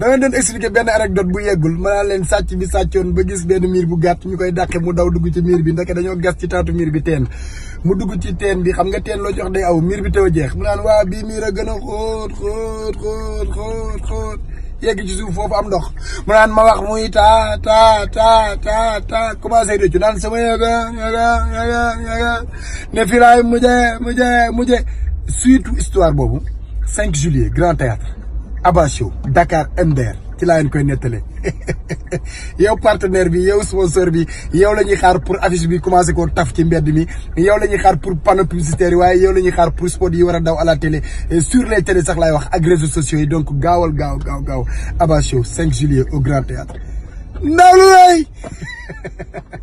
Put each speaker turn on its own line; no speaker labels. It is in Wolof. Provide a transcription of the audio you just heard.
dama doon expliqué benn anecdote bu yeggul ma leen sàcc bi sàccoon ba gis benn miir bu gàtt ñu koy dàqe mu daw dugg ci miir bi ndeke dañoo gas ci taatu miir bi teen mu dugg ci teen bi xam nga teen loo jox day aw miir bi taw jeex mu naan waa bii miir a gën a xóot xóot xóot xóot xóot yegg ci suuf foofu am ndox mu naan ma wax muy taa taa taa taa taa commencé rëccu naan sama yega yega yega yega ne fi laay mujjee mujjee mujjee histoire boobu cinq juillet grand Abasio Dakar MDR ci laa koy nettale yow partenaire bi yow sponsor bi yow la ñuy xaar pour affiche bi commencé ko taf ci mbedd mi yow la ñuy xaar pour panneau waaye yow la ñuy xaar pour spot yi war a daw à la télé sur les télé sax lay wax ak réseaux
sociaux yi donc gaawal gaaw gaaw gaaw Abasio 5 juillet au Grand Théâtre
ndaw lu